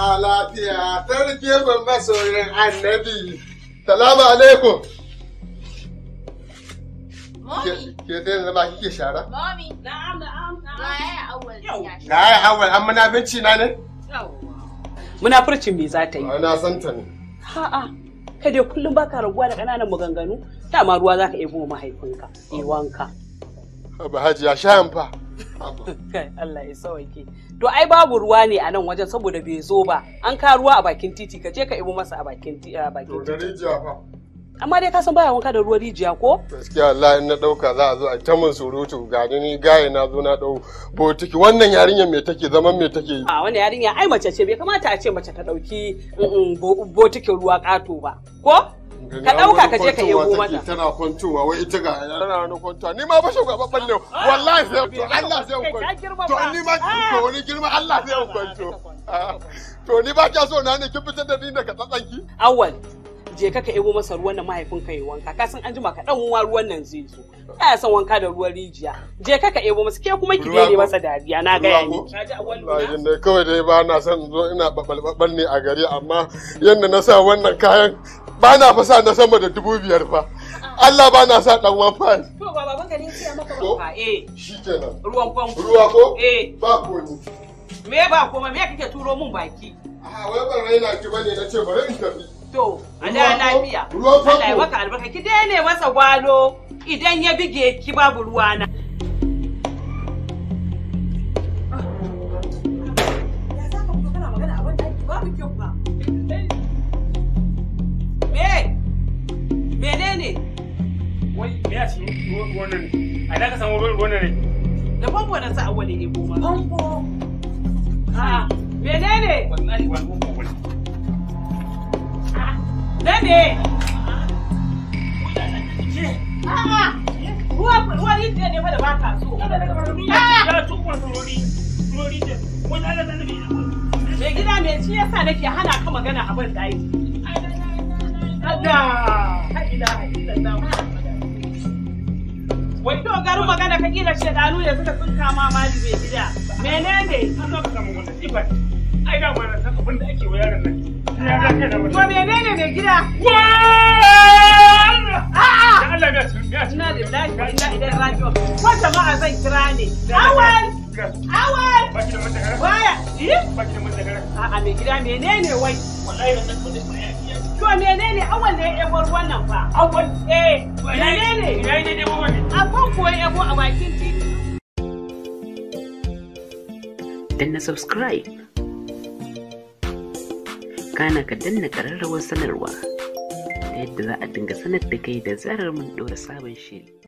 a lafiya tarkefen masoyin annabi salamu alaikum ke ta yanzu ba kike shara? Mami, na'am na'am na yaya awal ya shara. Na yaya awal an munafinci na ne? Munafurcin me za ta yi? Na san ta ne. A'a, kai dai kullum baka raguwa da ƙananan maganganu, dama ruwa za ka ebo mahaifinka, ewanka. Ba hajiya shayan fa. Allah ya sauke. To ai babu ruwa ne a nan wajen saboda bai zo ba. An ka ruwa a bakin titi ka je ka ibo masa a bakin titi. To da rijiya fa. Amma dai ka san baya wanka da ruwa rijiya ko? Gaskiya Allah in na dauka za a zo a ta mun surutu ga ni gaye na zo na dau botiki wannan yarinyar me take zaman me take yi? A wannan yarinya ai mace ce bai kamata a ce mace ta dauki mm, mm, botikin ruwa kato ba. Ko? ka dauka ka je ka yebo mata tana kwantowa wai ita ga tana wani kwantowa ni ma ba shi gaba balle wallahi sai to Allah sai kwanto to ni ma to wani girma Allah sai kwanto ah. to ni ba kya so na ne kin fitar da ni daga tsatsanki awwal je ka ka ebo masa ruwan da mahaifin ka yi wanka ka san an jima ka dan uwa ruwan nan zai zo ka san wanka da ruwan rijiya je ka ka ebo masa ke kuma ki daina masa dariya na ga yayi lajin dai kawai dai ba na san zo ina babalbal ne a gari amma yanda na sa wannan kayan ba na fasa na sama da dubu biyar ba Allah ba na sa dan wan five to ba baban ka ne ya maka ba eh Shi kenan. ruwan famfo ruwa ko eh ba ko ni me ba ko ma me kake turo mun baki a wai ban raina ki bane na ce bari in tafi to ana lafiya ruwan famfo Allah ya baka albarka ki dai ne masa gwalo idan ya bige ki babu ruwana shi a da ka samu ruwan ne? da famfo da sa awali ne goma famfo a menene wallahi wani famfo wani nane ruwa rijiya ne fa da baka so ya wani ala da nabi mai gida mai ci yasa nake hana ka magana abin da yi Allah, ha ila ha ila Allah. Wai to garin magana ka kila shedanu da suka sun kama mali bai gida. Menene? An zo ka samu wannan sifar. Ai da mana san abin da ake wa yaron nan. To menene mai gida? A'a! Allah ya tsaya. Ina da lafiya ina idan rajo. Ko jama'a zan kira ne. Awal! Awal! Baki da matakara. Waya. Eh? Baki da matakara. A'a mai gida menene wai? Wallahi ban san ko da To menene awal ne ya bar wannan fa? Awal. Eh. Menene? Yayi ne dai wannan. kuwa yabo a bakin titi. Danna subscribe. Kana ka danna ƙararrawar sanarwa ta yadda za a dinga sanar da kai da zarar mun ɗora sabon shiri.